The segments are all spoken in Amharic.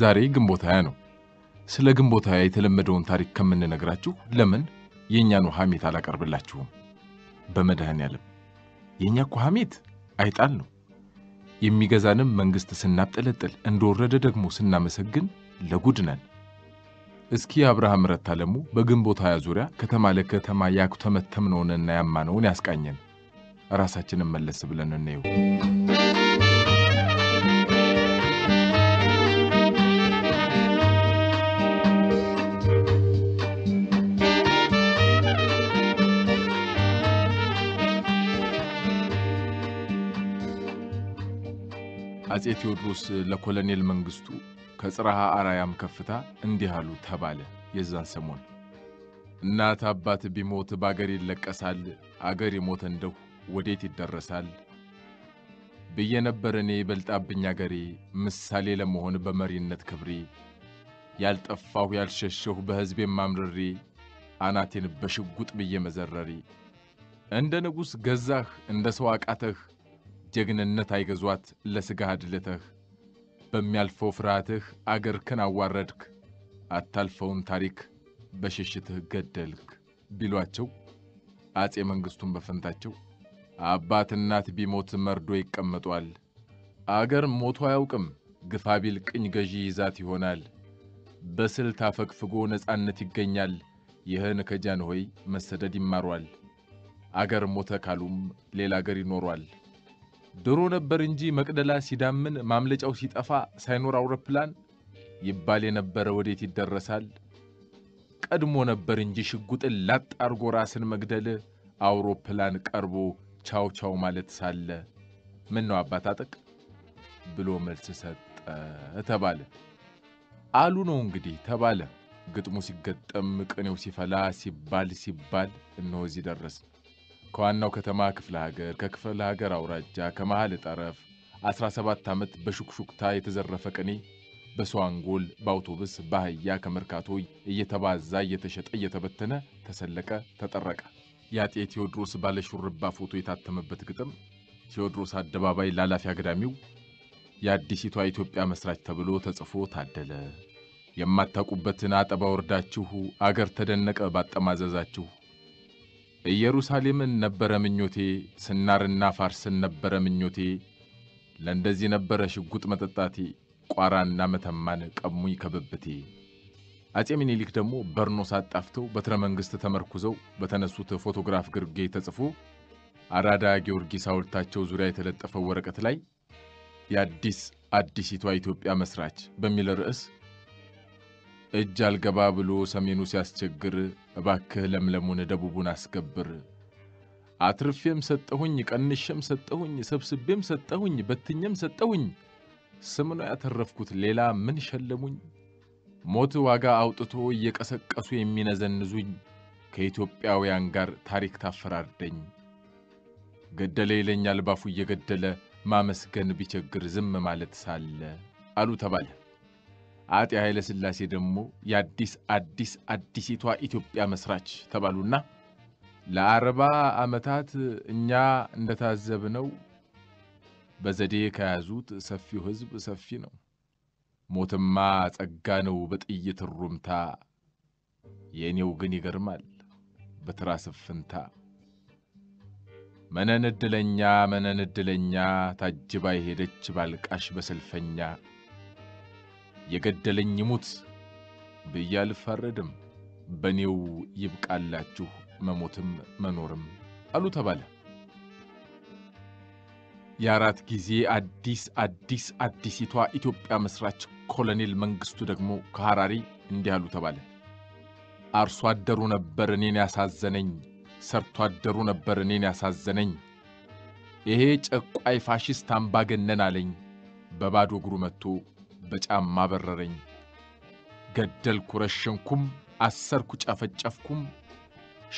ዛሬ ግንቦት ሃያ ነው። ስለ ግንቦት ሃያ የተለመደውን ታሪክ ከምንነግራችሁ ለምን የእኛኑ ሐሜት አላቀርብላችሁም? በመድኃኔዓለም የእኛ እኮ ሐሜት አይጣል ነው። የሚገዛንም መንግሥት ስናብጠለጥል እንደወረደ ደግሞ ስናመሰግን ለጉድ ነን። እስኪ አብርሃም ረታ ለሙ በግንቦት ሃያ ዙሪያ ከተማ ለከተማ ያኩተመተምነውንና ያማነውን ያስቃኘን። ራሳችንን መለስ ብለን እንየው። አጼ ቴዎድሮስ ለኮሎኔል መንግስቱ ከጽረሃ አራያም ከፍታ እንዲህ አሉ ተባለ። የዛን ሰሞን እናት አባት ቢሞት በአገር ይለቀሳል፣ አገር የሞተ እንደሁ ወዴት ይደረሳል ብዬ ነበር እኔ በልጣብኝ አገሬ፣ ምሳሌ ለመሆን በመሪነት ክብሬ ያልጠፋሁ ያልሸሸሁ በሕዝቤም ማምርሬ አናቴን በሽጉጥ ብዬ መዘረሪ እንደ ንጉሥ ገዛህ እንደ ሰው አቃተህ ጀግንነት አይገዟት ለሥጋህ አድልተህ በሚያልፈው ፍርሃትህ አገር አዋረድክ አታልፈውን ታሪክ በሽሽትህ ገደልክ ቢሏቸው አፄ መንግሥቱን በፈንታቸው አባት እናት ቢሞት መርዶ ይቀመጧል። አገር ሞቶ አያውቅም ግፋ ቢል ቅኝ ገዢ ይዛት ይሆናል። በስልት አፈግፍጎ ነፃነት ይገኛል። ይህን ከጃንሆይ መሰደድ ይማሯል። አገር ሞተ ካሉም ሌላ አገር ይኖሯል። ድሮ ነበር እንጂ መቅደላ ሲዳምን ማምለጫው ሲጠፋ ሳይኖር አውሮፕላን ይባል የነበረ ወዴት ይደረሳል? ቀድሞ ነበር እንጂ ሽጉጥን ላጥ አርጎ ራስን መግደል አውሮፕላን ቀርቦ ቻው ቻው ማለት ሳለ ምን ነው አባት አጠቅ ብሎ መልስ ሰጠ ተባለ። አሉ ነው እንግዲህ ተባለ። ግጥሙ ሲገጠም ቅኔው ሲፈላ ሲባል ሲባል እነሆ እዚህ ደረስን። ከዋናው ከተማ ክፍለ ሀገር፣ ከክፍለ ሀገር አውራጃ፣ ከመሃል ጠረፍ 17 ዓመት በሹክሹክታ የተዘረፈ ቅኔ በሰው አንጎል በአውቶቡስ በአህያ ከመርካቶ እየተባዛ እየተሸጠ እየተበተነ ተሰለቀ ተጠረቀ። የአጤ ቴዎድሮስ ባለሹርባ ፎቶ የታተመበት ግጥም ቴዎድሮስ አደባባይ ላላፊ አግዳሚው የአዲሲቷ ኢትዮጵያ መስራች ተብሎ ተጽፎ ታደለ። የማታውቁበትን አጠባ ወርዳችሁ አገር ተደነቀ ባጠማዘዛችሁ ኢየሩሳሌምን ነበረ ምኞቴ፣ ስናርና ፋርስን ነበረ ምኞቴ። ለእንደዚህ ነበረ ሽጉጥ መጠጣቴ፣ ቋራና መተማን ቀሙኝ ከብብቴ። አፄ ሚኒሊክ ደግሞ በርኖስ አጣፍተው በትረ መንግሥት ተመርኩዘው በተነሱት ፎቶግራፍ ግርጌ ተጽፎ አራዳ ጊዮርጊስ ሐውልታቸው ዙሪያ የተለጠፈው ወረቀት ላይ የአዲስ አዲሲቷ ኢትዮጵያ መስራች በሚል ርዕስ እጅ አልገባ ብሎ ሰሜኑ ሲያስቸግር እባክህ ለምለሙን ደቡቡን አስገብር። አትርፌም ሰጠሁኝ፣ ቀንሼም ሰጠሁኝ፣ ሰብስቤም ሰጠሁኝ፣ በትኜም ሰጠሁኝ። ስም ነው ያተረፍኩት፣ ሌላ ምን ሸለሙኝ? ሞት ዋጋ አውጥቶ እየቀሰቀሱ የሚነዘንዙኝ ከኢትዮጵያውያን ጋር ታሪክ ታፈራርደኝ። ገደለ ይለኛል ባፉ እየገደለ ማመስገን ቢቸግር ዝም ማለት ሳለ አሉ ተባለ። አጤ ኃይለ ሥላሴ ደግሞ የአዲስ አዲስ አዲሲቷ ኢትዮጵያ መስራች ተባሉና ለአርባ ዓመታት እኛ እንደታዘብነው በዘዴ ከያዙት ሰፊው ሕዝብ ሰፊ ነው። ሞትማ ጸጋ ነው በጥይት ሩምታ፣ የእኔው ግን ይገርማል በትራስ ስፍንታ መነን ዕድለኛ መነን ዕድለኛ ታጅባ የሄደች ባልቃሽ በሰልፈኛ የገደለኝ ይሙት ብዬ አልፋረድም። በእኔው ይብቃላችሁ መሞትም መኖርም አሉ ተባለ። የአራት ጊዜ አዲስ አዲስ አዲሲቷ ኢትዮጵያ መስራች ኮሎኔል መንግስቱ ደግሞ ከሐራሪ እንዲህ አሉ ተባለ። አርሶ አደሩ ነበር እኔን ያሳዘነኝ፣ ሰርቶ አደሩ ነበር እኔን ያሳዘነኝ። ይሄ ጨቋይ ፋሽስት አምባገነን አለኝ በባዶ እግሩ መጥቶ በጫማ በረረኝ። ገደልኩ፣ ረሸንኩም፣ አሰርኩ፣ ጨፈጨፍኩም፣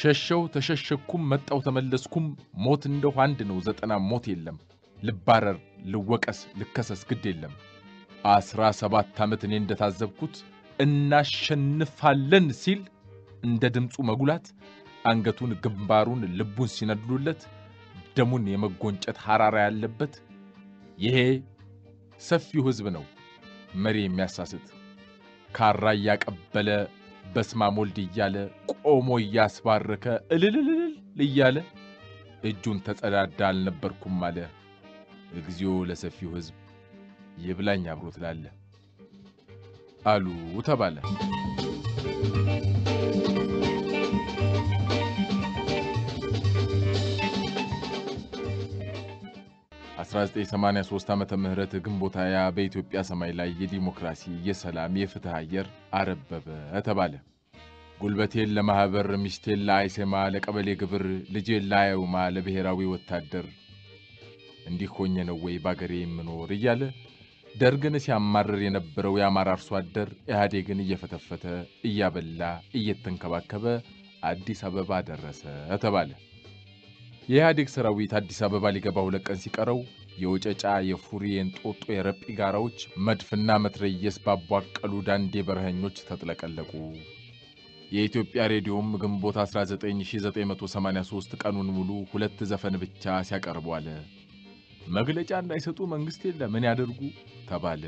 ሸሸው፣ ተሸሸኩም፣ መጣው፣ ተመለስኩም። ሞት እንደው አንድ ነው፣ ዘጠና ሞት የለም። ልባረር፣ ልወቀስ፣ ልከሰስ ግድ የለም። አስራ ሰባት ዓመት እኔ እንደታዘብኩት እናሸንፋለን ሲል እንደ ድምፁ መጉላት አንገቱን ግንባሩን ልቡን ሲነድሉለት ደሙን የመጎንጨት ሐራራ ያለበት ይሄ ሰፊው ሕዝብ ነው። መሪ የሚያሳስት ካራ እያቀበለ በስማ ወልድ እያለ ቆሞ እያስባረከ እልልልልል እያለ እጁን ተጸዳዳ አልነበርኩም አለ። እግዚኦ ለሰፊው ሕዝብ ይብላኝ አብሮት ላለ አሉ ተባለ። በ1983 ዓመተ ምህረት ግንቦት ሃያ በኢትዮጵያ ሰማይ ላይ የዲሞክራሲ፣ የሰላም፣ የፍትህ አየር አረበበ ተባለ። ጉልበቴን ለማኅበር፣ ሚስቴን ለአይሴማ፣ ለቀበሌ ግብር፣ ልጄን ለአያውማ፣ ለብሔራዊ ወታደር እንዲህ ሆኜ ነው ወይ ባገሬ የምኖር እያለ ደርግን ሲያማርር የነበረው የአማራ አርሶ አደር ኢህአዴግን እየፈተፈተ እያበላ እየተንከባከበ አዲስ አበባ ደረሰ ተባለ። የኢህአዴግ ሰራዊት አዲስ አበባ ሊገባ ሁለት ቀን ሲቀረው የውጨጫ፣ የፉሪ የእንጦጦ የረጲ ጋራዎች መድፍና መትረየስ ባቧቀሉ ዳንዴ በረኸኞች ተጥለቀለቁ። የኢትዮጵያ ሬዲዮም ግንቦት 19983 ቀኑን ሙሉ ሁለት ዘፈን ብቻ ሲያቀርቡ አለ። መግለጫ እንዳይሰጡ መንግሥት የለ ምን ያደርጉ ተባለ።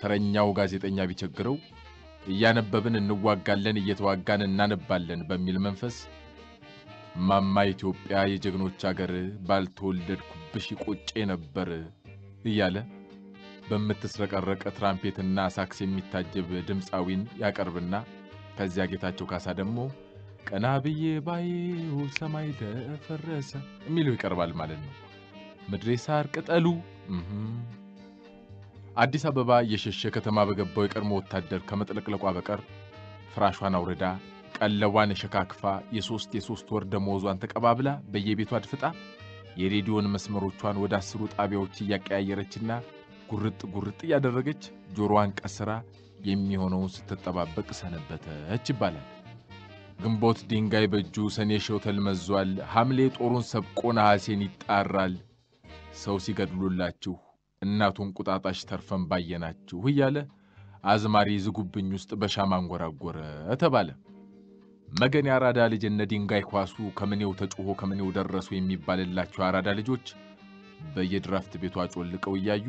ተረኛው ጋዜጠኛ ቢቸግረው እያነበብን እንዋጋለን፣ እየተዋጋን እናነባለን በሚል መንፈስ ማማ ኢትዮጵያ የጀግኖች አገር ባልተወለድኩብሽ ቆጬ ነበር እያለ በምትስረቀረቀ ትራምፔትና ሳክስ የሚታጀብ ድምፃዊን ያቀርብና ከዚያ ጌታቸው ካሳ ደግሞ ቀና ብዬ ባየው ሰማይ ደፈረሰ የሚለው ይቀርባል ማለት ነው። ምድሬ ሳር ቅጠሉ አዲስ አበባ እየሸሸ ከተማ በገባው የቀድሞ ወታደር ከመጥለቅለቋ በቀር ፍራሿን አውርዳ ቀለቧን ሸካክፋ የሶስት የሶስት ወር ደመወዟን ተቀባብላ በየቤቷ አድፍጣ የሬዲዮን መስመሮቿን ወደ አስሩ ጣቢያዎች እያቀያየረችና ጉርጥ ጉርጥ እያደረገች ጆሮዋን ቀስራ የሚሆነውን ስትጠባበቅ ሰነበተች ይባላል። ግንቦት ድንጋይ በእጁ ሰኔ ሸውተል መዟል፣ ሐምሌ ጦሩን ሰብቆ ነሐሴን ይጣራል፣ ሰው ሲገድሉላችሁ እናቱን እንቁጣጣሽ ተርፈን ባየናችሁ እያለ አዝማሪ ዝጉብኝ ውስጥ በሻማ አንጎራጎረ ተባለ። መገን የአራዳ ልጅ እነ ድንጋይ ኳሱ ከምኔው ተጮሆ ከምኔው ደረሱ የሚባልላቸው አራዳ ልጆች በየድራፍት ቤቱ አጮልቀው እያዩ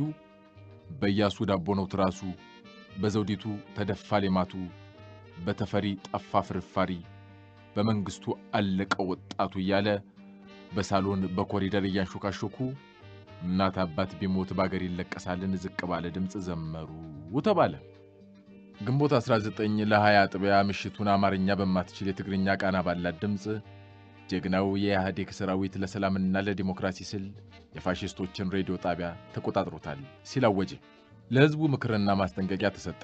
በያሱ ዳቦ ነው ትራሱ፣ በዘውዲቱ ተደፋ ሌማቱ፣ በተፈሪ ጠፋ ፍርፋሪ፣ በመንግስቱ አለቀው ወጣቱ እያለ በሳሎን በኮሪደር እያንሾካሾኩ እናት አባት ቢሞት ባገር ይለቀሳልን ዝቅ ባለ ድምፅ ዘመሩ ተባለ። ግንቦት 19 ለ20 አጥቢያ ምሽቱን አማርኛ በማትችል የትግርኛ ቃና ባላት ድምፅ ጀግናው የኢህአዴግ ሰራዊት ለሰላምና ለዲሞክራሲ ስል የፋሽስቶችን ሬዲዮ ጣቢያ ተቆጣጥሮታል ሲል አወጀ። ለሕዝቡ ምክርና ማስጠንቀቂያ ተሰጠ።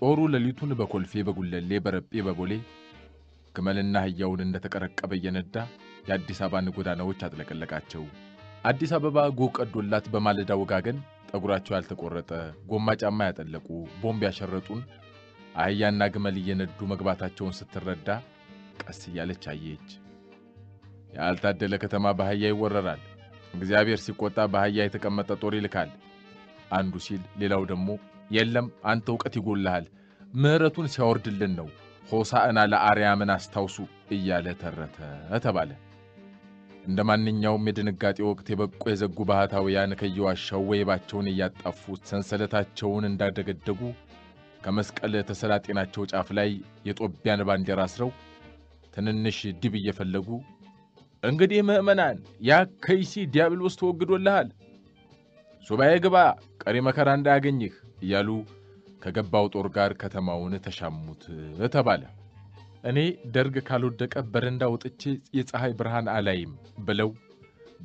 ጦሩ ሌሊቱን በኮልፌ፣ በጉለሌ፣ በረጴ፣ በቦሌ ግመልና አህያውን እንደተቀረቀበ እየነዳ የአዲስ አበባን ጎዳናዎች አጥለቀለቃቸው። አዲስ አበባ ጎህ ቀዶላት በማለዳ ወጋገን ጠጉራቸው ያልተቆረጠ ጎማ ጫማ ያጠለቁ ቦምብ ያሸረጡን አህያና ግመል እየነዱ መግባታቸውን ስትረዳ ቀስ እያለች አየች። ያልታደለ ከተማ በአህያ ይወረራል። እግዚአብሔር ሲቆጣ በአህያ የተቀመጠ ጦር ይልካል። አንዱ ሲል ሌላው ደግሞ የለም አንተ እውቀት ይጎልሃል፣ ምሕረቱን ሲያወርድልን ነው ሆሳዕና ለአርያምን አስታውሱ እያለ ተረተ ተባለ። እንደ ማንኛውም የድንጋጤ ወቅት የበቁ የዘጉ ባህታውያን ከየዋሻው ወይባቸውን እያጣፉ ሰንሰለታቸውን እንዳደገደጉ ከመስቀል ተሰላጤናቸው ጫፍ ላይ የጦቢያን ባንዲራ አስረው ትንንሽ ድብ እየፈለጉ እንግዲህ ምእመናን ያ ከይሲ ዲያብሎስ ተወግዶልሃል፣ ሱባኤ ግባ፣ ቀሪ መከራ እንዳያገኝህ እያሉ ከገባው ጦር ጋር ከተማውን ተሻሙት ተባለ። እኔ ደርግ ካልወደቀ በረንዳ ወጥቼ የፀሐይ ብርሃን አላይም ብለው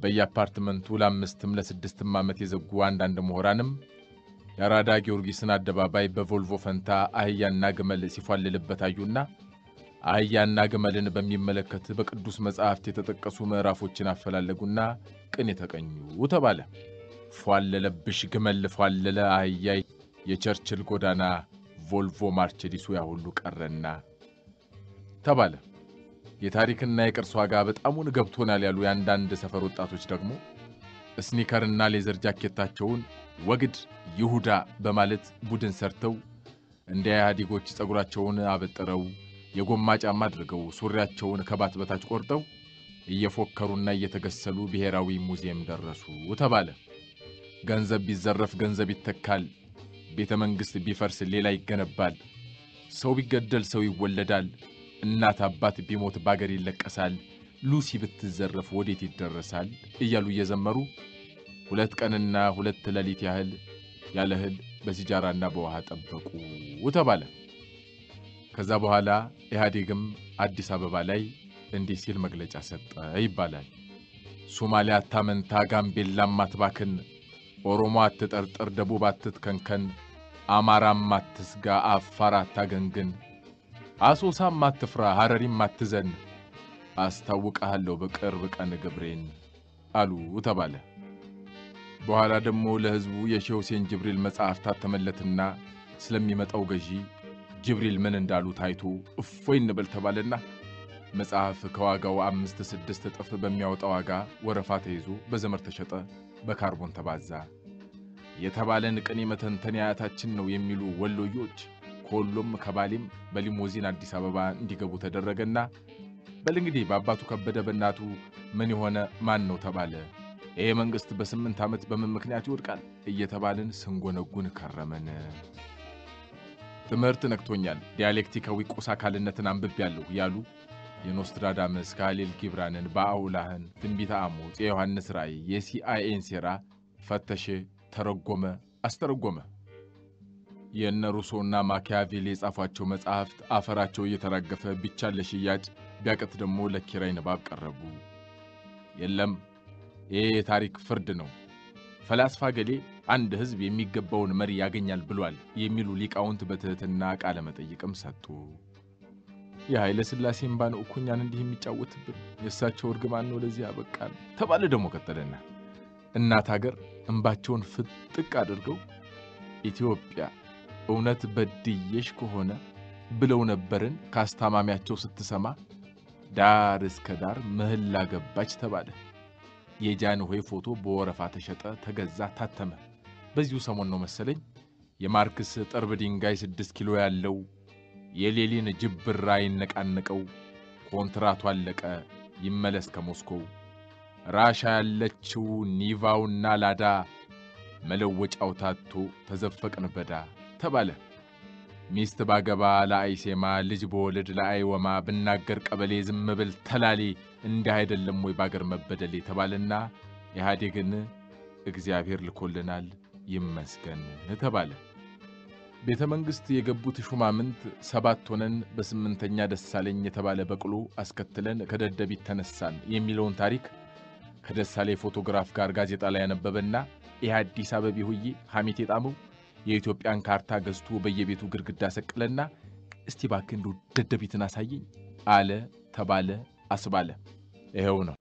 በየአፓርትመንቱ ለአምስትም ለስድስትም ዓመት የዘጉ አንዳንድ ምሁራንም የአራዳ ጊዮርጊስን አደባባይ በቮልቮ ፈንታ አህያና ግመል ሲፏልልበት አዩና አህያና ግመልን በሚመለከት በቅዱስ መጽሐፍት የተጠቀሱ ምዕራፎችን አፈላለጉና ቅን የተቀኙ ተባለ። ፏለለብሽ ግመል ፏለለ አህያ የቸርችል ጎዳና ቮልቮ ማርቸዲሱ ያሁሉ ቀረና ተባለ። የታሪክና የቅርስ ዋጋ በጣሙን ገብቶናል ያሉ የአንዳንድ ሰፈር ወጣቶች ደግሞ ስኒከርና ሌዘር ጃኬታቸውን ወግድ ይሁዳ በማለት ቡድን ሰርተው እንደ ኢህአዴጎች ጸጉራቸውን አበጥረው የጎማ ጫማ አድርገው ሱሪያቸውን ከባት በታች ቆርጠው እየፎከሩና እየተገሰሉ ብሔራዊ ሙዚየም ደረሱ ተባለ። ገንዘብ ቢዘረፍ ገንዘብ ይተካል፣ ቤተ መንግሥት ቢፈርስ ሌላ ይገነባል፣ ሰው ቢገደል ሰው ይወለዳል እናት አባት ቢሞት ባገር ይለቀሳል፣ ሉሲ ብትዘረፍ ወዴት ይደረሳል እያሉ እየዘመሩ ሁለት ቀንና ሁለት ሌሊት ያህል ያለ እህል በሲጃራና በውሃ ጠበቁ ተባለ። ከዛ በኋላ ኢህአዴግም አዲስ አበባ ላይ እንዲህ ሲል መግለጫ ሰጠ ይባላል። ሶማሊያ አታመንታ፣ ጋምቤላም አትባክን፣ ኦሮሞ አትጠርጥር፣ ደቡብ አትትከንከን፣ አማራም አትስጋ፣ አፋር አታገንግን አሶሳ ማትፍራ ሐረሪ ማትዘን አስታውቀሃለሁ በቅርብ ቀን ገብሬን አሉ ተባለ። በኋላ ደግሞ ለሕዝቡ የሼህ ሁሴን ጅብሪል መጽሐፍ ታተመለትና ስለሚመጣው ገዢ ጅብሪል ምን እንዳሉ ታይቶ እፎይ እንበል ተባለና መጽሐፍ ከዋጋው አምስት ስድስት እጥፍ በሚያወጣ ዋጋ ወረፋ ተይዞ በዘመር ተሸጠ፣ በካርቦን ተባዛ። የተባለን ቅኔ መተንተን አያታችን ነው የሚሉ ወሎዮች ከወሎም ከባሌም በሊሞዚን አዲስ አበባ እንዲገቡ ተደረገና በልንግዴ በአባቱ ከበደ በእናቱ ምን የሆነ ማን ነው ተባለ። ይሄ መንግሥት በስምንት ዓመት በምን ምክንያት ይወድቃል እየተባልን ስንጎነጉን ከረመን። ትምህርት ነክቶኛል፣ ዲያሌክቲካዊ ቁስ አካልነትን አንብቤያለሁ ያሉ የኖስትራዳመስ ከሃሌል ጊብራንን፣ በአውላህን፣ ትንቢተ አሞጽ፣ የዮሐንስ ራእይ፣ የሲአይኤን ሴራ ፈተሸ ተረጎመ፣ አስተረጎመ። የእነ ሩሶና ማኪያቬሊ የጻፏቸው መጽሐፍት አፈራቸው እየተራገፈ ብቻ ለሽያጭ ቢያቀት ደግሞ ለኪራይ ንባብ ቀረቡ። የለም ይህ የታሪክ ፍርድ ነው፣ ፈላስፋ ገሌ አንድ ሕዝብ የሚገባውን መሪ ያገኛል ብሏል የሚሉ ሊቃውንት በትሕትና ቃለ መጠይቅም ሰጡ። የኃይለ ሥላሴ እምባን እኩኛን እንዲህ የሚጫወትብን የእሳቸው እርግማን ነው ለዚህ ያበቃል ተባለ። ደግሞ ቀጠለና እናት አገር እምባቸውን ፍጥቅ አድርገው ኢትዮጵያ እውነት በድዬሽ ከሆነ ብለው ነበርን ካስታማሚያቸው ስትሰማ ዳር እስከ ዳር ምህላ ገባች ተባለ። የጃንሆይ ፎቶ በወረፋ ተሸጠ፣ ተገዛ፣ ታተመ። በዚሁ ሰሞን ነው መሰለኝ የማርክስ ጥርብ ድንጋይ ስድስት ኪሎ ያለው የሌሊን ጅብራ ይነቃነቀው ኮንትራቱ አለቀ ይመለስ ከሞስኮው ራሻ ያለችው ኒቫውና ላዳ መለወጫው ታቶ ተዘፈቅን በዳ ተባለ። ሚስት ባገባ ለአይሴማ ልጅ በወልድ ለአይወማ ብናገር ቀበሌ ዝም ብል ተላሌ እንዲህ አይደለም ወይ ባገር መበደል የተባለና ኢህአዴግን እግዚአብሔር ልኮልናል ይመስገን ተባለ። ቤተ መንግሥት የገቡት ሹማምንት ሰባት ሆነን በስምንተኛ ደሳለኝ የተባለ በቅሎ አስከትለን ከደደቢት ተነሳን የሚለውን ታሪክ ከደሳሌ ፎቶግራፍ ጋር ጋዜጣ ላይ ያነበበና ኢህአዲስ አበቢ ሁዬ ሐሜት የጣመው የኢትዮጵያን ካርታ ገዝቶ በየቤቱ ግድግዳ ሰቅለና እስቲ ባክ እንዶ ደደቢትን አሳየኝ አለ ተባለ አስባለ። ይኸው ነው